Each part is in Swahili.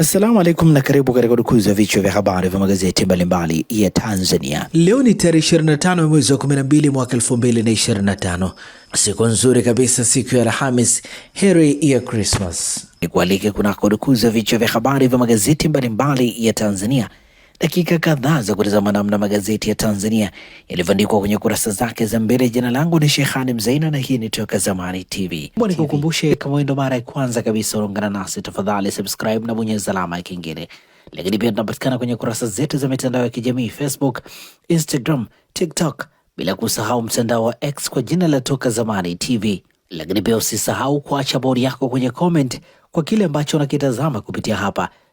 Assalamu alaikum na karibu katika dukuzi vichwa vya habari vya magazeti mbalimbali ya Tanzania. Leo ni tarehe 25 ya mwezi wa 12 mwaka 2025, siku nzuri kabisa, siku ya Alhamis, heri ya Christmas. Nikualike kunako dukuzi vichwa vya habari vya magazeti mbalimbali ya Tanzania dakika kadhaa za kutazama namna magazeti ya Tanzania yalivyoandikwa kwenye kurasa zake za mbele. Jina langu ni Sheikhani Mzaina na hii ni Toka Zamani TV. Mbona nikukumbushe, kama wewe ndo mara ya kwanza kabisa unaungana nasi, tafadhali subscribe na bonyeza alama ya kengele. Lakini pia tunapatikana kwenye kurasa zetu za mitandao ya kijamii Facebook, Instagram, TikTok, bila kusahau mtandao wa X kwa jina la Toka Zamani TV. Lakini pia usisahau kuacha bodi yako kwenye comment kwa kile ambacho unakitazama kupitia hapa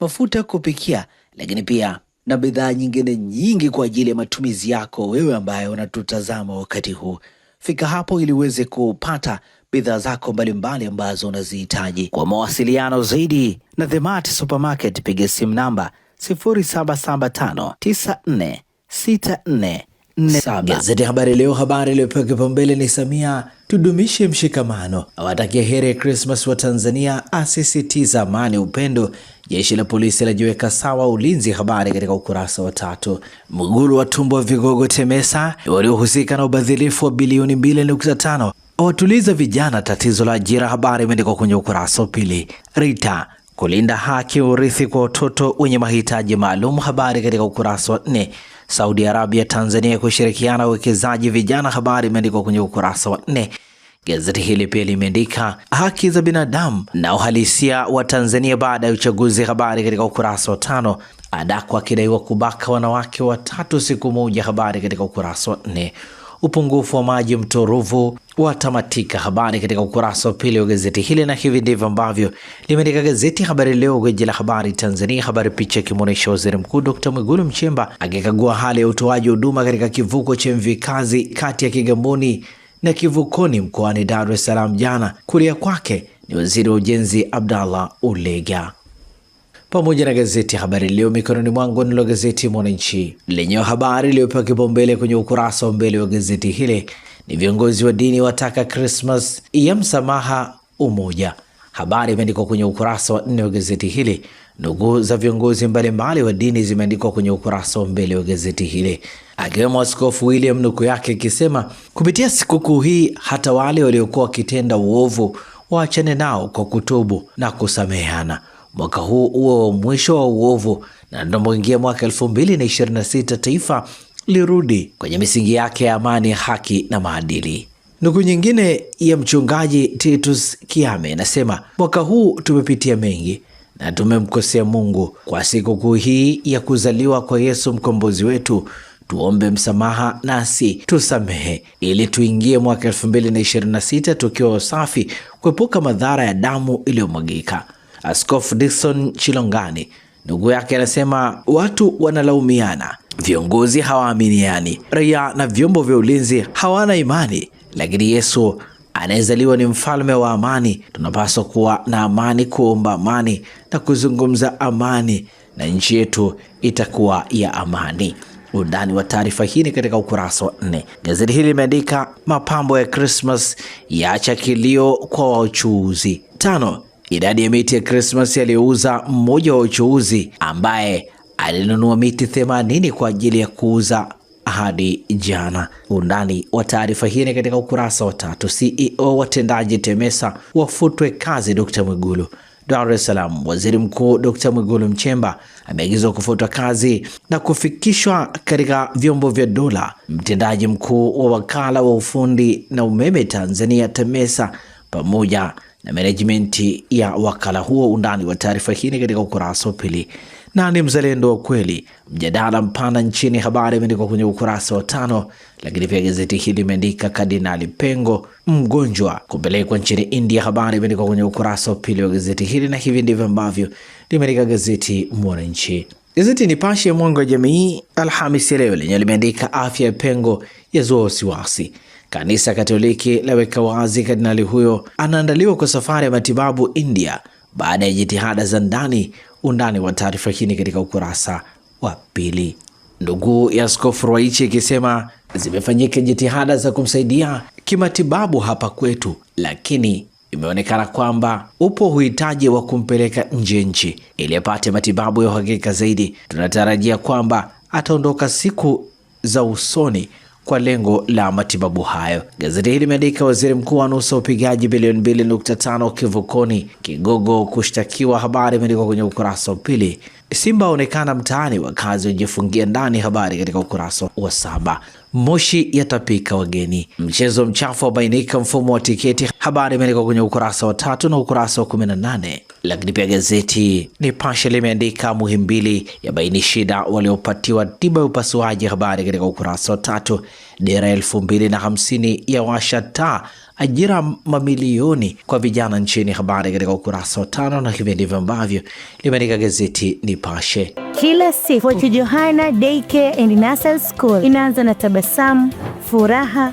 mafuta ya kupikia, lakini pia na bidhaa nyingine nyingi kwa ajili ya matumizi yako wewe ambaye unatutazama wakati huu. Fika hapo ili uweze kupata bidhaa zako mbalimbali ambazo unazihitaji. Kwa mawasiliano zaidi na The Mart Supermarket, piga simu namba 0775946447. Gazeti ya Habari Leo, habari iliyopewa kipaumbele ni Samia, tudumishe mshikamano, awatakia heri ya Krismas wa Tanzania, asisitiza amani, upendo Jeshi la polisi lajiweka sawa ulinzi. Habari katika ukurasa wa tatu. Mgulu wa tumbo wa vigogo TEMESA waliohusika na ubadhilifu wa bilioni 2.5 watuliza vijana tatizo la ajira. Habari imeandikwa kwenye ukurasa wa pili. Rita kulinda haki urithi kwa watoto wenye mahitaji maalum. Habari katika ukurasa wa nne. Saudi Arabia, Tanzania kushirikiana uwekezaji vijana. Habari imeandikwa kwenye ukurasa wa nne. Gazeti hili pia limeandika haki za binadamu na uhalisia wa Tanzania baada ya uchaguzi, habari katika ukurasa wa tano. Adakwa akidaiwa kubaka wanawake watatu siku moja, habari katika ukurasa wa nne. Upungufu wa maji mto Ruvu watamatika, habari katika ukurasa wa pili wa gazeti hili, na hivi ndivyo ambavyo limeandika gazeti Habari Leo, gwiji la habari Tanzania. Habari picha ikimwonyesha waziri mkuu Dkt. Mwigulu mchemba akikagua hali ya utoaji huduma katika kivuko cha MV Kazi kati ya Kigamboni na Kivukoni mkoani Dar es Salaam jana. Kulia kwake ni waziri wa ujenzi Abdallah Ulega pamoja na gazeti ya Habari Leo mikononi mwangu, nilo gazeti Mwananchi lenye habari iliyopewa kipaumbele kwenye ukurasa wa mbele wa gazeti hili ni viongozi wa dini wataka Krismas ya msamaha umoja Habari imeandikwa kwenye ukurasa wa nne wa gazeti hili. Nukuu za viongozi mbalimbali wa dini zimeandikwa kwenye ukurasa wa mbele wa gazeti hili, akiwemo Askofu William, nukuu yake ikisema, kupitia sikukuu hii hata wale waliokuwa wakitenda uovu waachane nao kwa kutubu na kusameheana. Mwaka huu uwe wa mwisho wa uovu, na ndomoingia mwaka sita taifa lirudi kwenye misingi yake ya amani, haki na maadili. Nuku nyingine ya mchungaji Titus Kiame inasema mwaka huu tumepitia mengi na tumemkosea Mungu. Kwa sikukuu hii ya kuzaliwa kwa Yesu mkombozi wetu, tuombe msamaha nasi tusamehe, ili tuingie mwaka sita tukiwa wasafi, kuepuka madhara ya damu iliyomwagika. Askofu Dikson Chilongani ndugu yake anasema watu wanalaumiana, viongozi hawaaminiani, raia na vyombo vya ulinzi hawana imani lakini Yesu anayezaliwa ni mfalme wa amani. Tunapaswa kuwa na amani, kuomba amani na kuzungumza amani, na nchi yetu itakuwa ya amani. Undani wa taarifa hii ni katika ukurasa wa nne. Gazeti hili limeandika mapambo ya Krismas yaacha kilio kwa wachuuzi. Tano, idadi ya miti ya Krismas yaliyouza mmoja wa wachuuzi ambaye alinunua miti themanini kwa ajili ya kuuza hadi jana. Undani wa taarifa hii ni katika ukurasa wa tatu. CEO watendaji TEMESA wafutwe kazi, Dr Mwigulu. Dar es Salaam, Waziri Mkuu Dr Mwigulu Mchemba ameagizwa kufutwa kazi na kufikishwa katika vyombo vya dola mtendaji mkuu wa wakala wa ufundi na umeme Tanzania TEMESA pamoja na menejimenti ya wakala huo. Undani wa taarifa hii katika ukurasa wa pili na ni mzalendo wa kweli. Mjadala mpana nchini, habari imeandikwa kwenye ukurasa wa tano. Lakini pia gazeti hili limeandika Kardinali Pengo mgonjwa kupelekwa nchini India, habari imeandikwa kwenye ukurasa wa pili wa gazeti hili, na hivi ndivyo ambavyo limeandika gazeti Mwananchi. Gazeti Nipashe ya Mwanga wa Jamii Alhamisi leo lenye limeandika afya ya Pengo yazua wasiwasi Kanisa Katoliki laweka wazi kardinali huyo anaandaliwa kwa safari ya matibabu India baada ya jitihada za ndani Undani wa taarifa hii ni katika ukurasa wa pili. Ndugu ya Askofu Ruwaichi ikisema zimefanyika jitihada za kumsaidia kimatibabu hapa kwetu, lakini imeonekana kwamba upo uhitaji wa kumpeleka nje nchi ili apate matibabu ya uhakika zaidi. Tunatarajia kwamba ataondoka siku za usoni kwa lengo la matibabu hayo. Gazeti hili limeandika waziri mkuu anusa upigaji bilioni 2.5 kivukoni, kigogo kushtakiwa. Habari imeandikwa kwenye ukurasa wa pili. Simba aonekana mtaani, wakazi wajifungia ndani. Habari katika ukurasa wa saba moshi yatapika wageni. Mchezo mchafu wabainika mfumo wa tiketi. Habari imeandikwa kwenye ukurasa wa tatu na ukurasa wa kumi na nane. Lakini pia gazeti Nipashe limeandika Muhimbili yabaini shida waliopatiwa tiba ya upasuaji, habari katika ukurasa wa tatu. Dira elfu mbili na hamsini ya washa taa ajira mamilioni kwa vijana nchini. Habari katika ukurasa wa tano, na hivi ndivyo ambavyo limeandika gazeti Nipashe kila siku. Johanna Daycare and Nursery School inaanza na tabasamu, furaha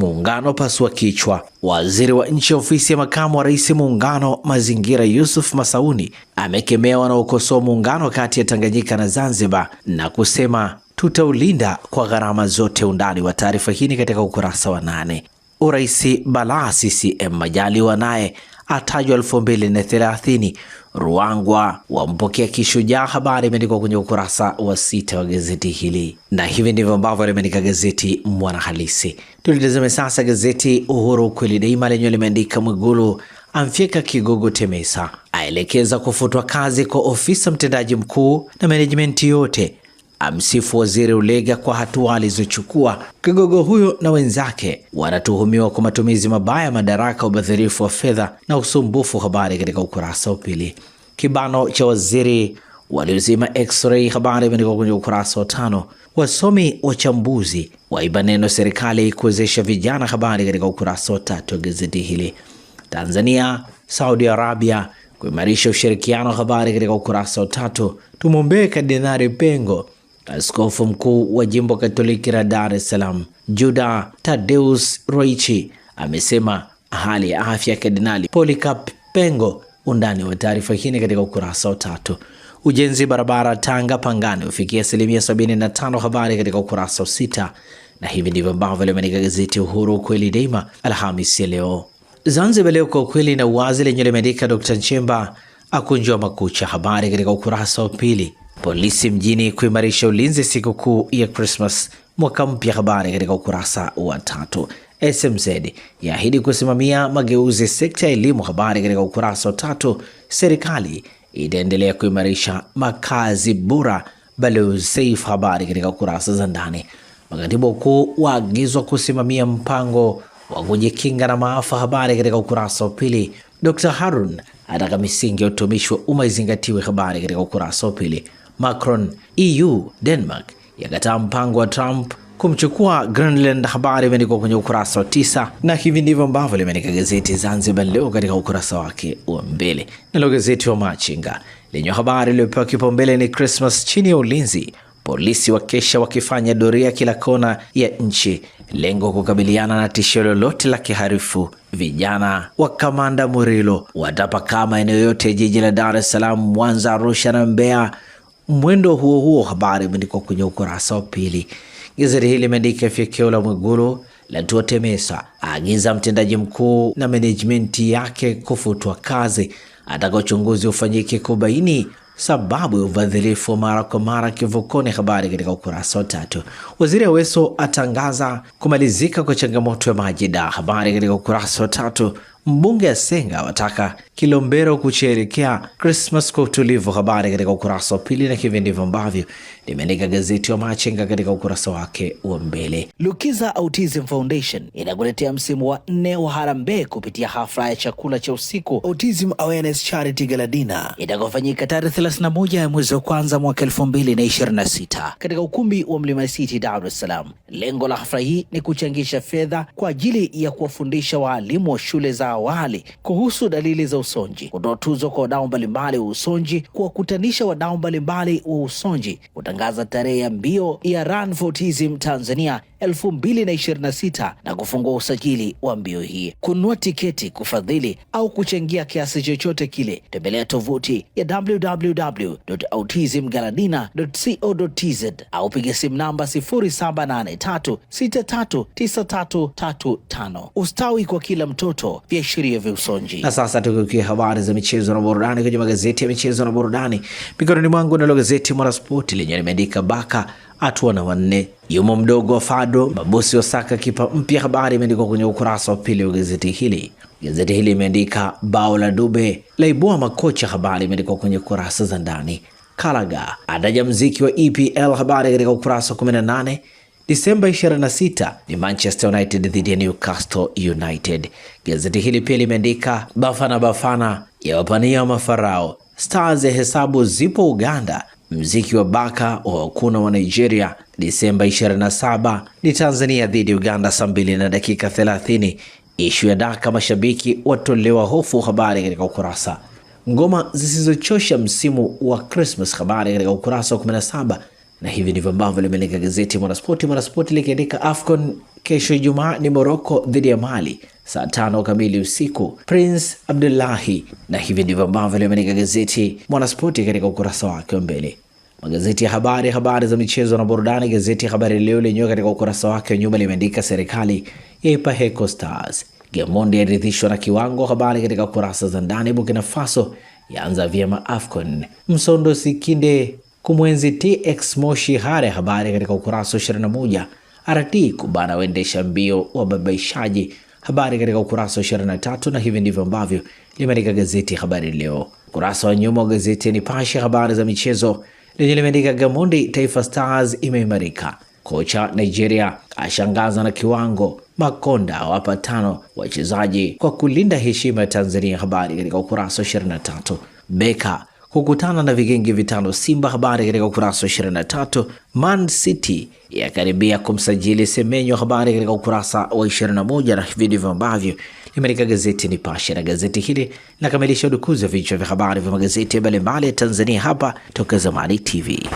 muungano pasua kichwa. Waziri wa nchi ofisi ya makamu wa rais muungano mazingira, Yusuf Masauni amekemea wanaokosoa muungano kati ya Tanganyika na Zanzibar na kusema tutaulinda kwa gharama zote. Undani wa taarifa hii katika ukurasa wa nane. uraisi balaa CCM, Majaliwa naye atajwa 2030 Ruangwa wampokea kishujaa. Habari imeandikwa kwenye ukurasa wa sita wa gazeti hili, na hivi ndivyo ambavyo limeandika gazeti Mwanahalisi. Tulitazame sasa gazeti Uhuru kweli daima, lenye limeandika Mwigulu amfyeka kigogo Temesa, aelekeza kufutwa kazi kwa ofisa mtendaji mkuu na menejimenti yote amsifu Waziri Ulega kwa hatua alizochukua. Kigogo huyo na wenzake wanatuhumiwa kwa matumizi mabaya ya madaraka, ubadhirifu wa fedha na usumbufu. Habari katika ukurasa wa pili. Kibano cha waziri waliozima x-ray, habari imeandikwa kwenye ukurasa wa tano. Wasomi wachambuzi waiba neno serikali kuwezesha vijana, habari katika ukurasa wa tatu wa gazeti hili. Tanzania Saudi Arabia kuimarisha ushirikiano, habari katika ukurasa wa tatu. Tumwombee Kardinali Pengo Askofu mkuu wa jimbo Katoliki la Dar es Salaam Juda Tadeus Roichi amesema hali ya afya ya Kardinali Polycarp Pengo. Undani wa taarifa hii ni katika ukurasa wa tatu. Ujenzi barabara Tanga Pangani ufikia asilimia 75, habari katika ukurasa wa sita. Na hivi ndivyo ambavyo limeandika gazeti Uhuru, ukweli daima, Alhamisi ya leo. Zanzibar Leo, kwa ukweli na uwazi, lenye limeandika Dr. Nchemba akunjua makucha, habari katika ukurasa wa pili. Polisi mjini kuimarisha ulinzi sikukuu ya Christmas mwaka mpya. Habari katika ukurasa wa tatu. SMZ yaahidi kusimamia mageuzi sekta ya elimu. Habari katika ukurasa wa tatu. Serikali itaendelea kuimarisha makazi bora Balozi Habari katika kurasa za ndani. Makatibu wakuu waagizwa kusimamia mpango wa kujikinga na maafa. Habari katika ukurasa wa pili. Dr Harun ataka misingi ya utumishi wa umma izingatiwe. Habari katika ukurasa wa pili. Macron. EU Denmark yakataa mpango wa Trump kumchukua Greenland. Habari imeandikwa kwenye ukurasa wa tisa, na hivi ndivyo ambavyo limeandika gazeti Zanzibar Leo katika ukurasa wake wa mbele. Nalo gazeti wa Machinga lenye habari iliyopewa kipaumbele ni Christmas chini ya ulinzi, polisi wakesha wakifanya doria kila kona ya nchi, lengo kukabiliana na tishio lolote la kiharifu. Vijana wa kamanda Murilo watapakaa maeneo yote jiji la Dar es Salaam, Mwanza, Arusha na Mbeya Mwendo huo huo, habari imeandikwa kwenye ukurasa wa pili. Gazeti hili limeandika fyekeo la Mwigulu latua TEMESA, aagiza mtendaji mkuu na menejmenti yake kufutwa kazi, ataka uchunguzi ufanyike kubaini sababu ya ubadhirifu wa mara kwa mara kivukoni. Habari katika ukurasa wa tatu. Waziri Aweso atangaza kumalizika kwa changamoto ya maji da. Habari katika ukurasa wa tatu. Mbunge Asenga awataka Kilombero kusherehekea Krismas kwa utulivu. Habari katika ukurasa wa pili, na hivi ndivyo ambavyo limeandika gazeti wa Machenga katika ukurasa wake wa mbele. Lukiza Autism Foundation inakuletea msimu wa nne wa harambee kupitia hafla ya chakula cha usiku Autism Awareness Charity galadina itakofanyika tarehe 31 ya mwezi wa kwanza mwaka 2026 katika ukumbi wa Mlima City, Dar es Salaam. Lengo la hafla hii ni kuchangisha fedha kwa ajili ya kuwafundisha waalimu wa shule za awali kuhusu dalili za usonji, kutoa tuzo kwa wadau mbalimbali wa usonji, kuwakutanisha wadau mbalimbali wa usonji kutangaza tarehe ya mbio ya Run for Autism Tanzania 2026 na kufungua usajili wa mbio hii. Kununua tiketi, kufadhili au kuchangia kiasi chochote kile, tembelea tovuti ya www.autismgaladina.co.tz au piga simu namba 0783639335. Ustawi kwa kila mtoto, viashiria vya usonji. Na sasa tukiukia habari za michezo na burudani kwenye magazeti ya michezo na burudani mikononi mwangu, nalo gazeti Mwanaspoti lenye limeandika Baka hatua na wanne yumo mdogo wa Fado mabosi wa saka kipa mpya. Habari imeandikwa kwenye ukurasa wa pili wa gazeti hili. Gazeti hili imeandika bao la Dube laibua makocha. Habari imeandikwa kwenye kurasa za ndani. Kalaga adaja mziki wa EPL. Habari katika ukurasa wa 18. Disemba 26 ni Manchester United dhidi ya Newcastle United. Gazeti hili pia limeandika Bafana Bafana ya wapania wa mafarao Stars ya hesabu zipo Uganda Mziki wa Baka wa Wakuna wa Nigeria Disemba 27 ni Tanzania dhidi ya Uganda saa 2 na dakika 30. Ishu ya daka mashabiki watolewa hofu, habari katika ukurasa. Ngoma zisizochosha msimu wa Christmas, habari katika ukurasa wa 17. Na hivi ndivyo ambavyo limeandika gazeti Mwanaspoti. Mwanaspoti likiandika AFCON kesho Ijumaa ni Morocco dhidi ya Mali saa tano kamili usiku Prince Abdullahi. Na hivi ndivyo ambavyo limeandika gazeti Mwanaspoti katika ukurasa wake wa mbele magazeti ya habari, habari za michezo na burudani. Gazeti ya Habari Leo lenyewe katika ukurasa wake wa nyuma limeandika serikali yaipa heko Stars, Gamondi yaridhishwa na kiwango. Habari katika kurasa za ndani. bukina Faso yaanza vyema AFCON, Msondo Sikinde kumwenzi TX Moshi Hare. Habari katika ukurasa wa 21. RT kubana waendesha mbio wa babaishaji habari katika ukurasa wa 23, na hivi ndivyo ambavyo limeandika gazeti Habari Leo. Ukurasa wa nyuma wa gazeti ya Nipashe habari za michezo lenye limeandika Gamondi, Taifa Stars imeimarika, kocha Nigeria ashangaza na kiwango, Makonda wapa tano wachezaji kwa kulinda heshima ya Tanzania. Habari katika ukurasa wa 23. Beka kukutana na vigenge vitano Simba. Habari katika ukurasa wa 23. Man City yakaribia kumsajili Semenyo. Habari katika ukurasa wa 21, na ndivyo ambavyo limeandika gazeti Nipashe, na gazeti hili linakamilisha udukuzi wa vichwa vya habari vya magazeti mbalimbali ya Tanzania hapa Toka Zamani TV.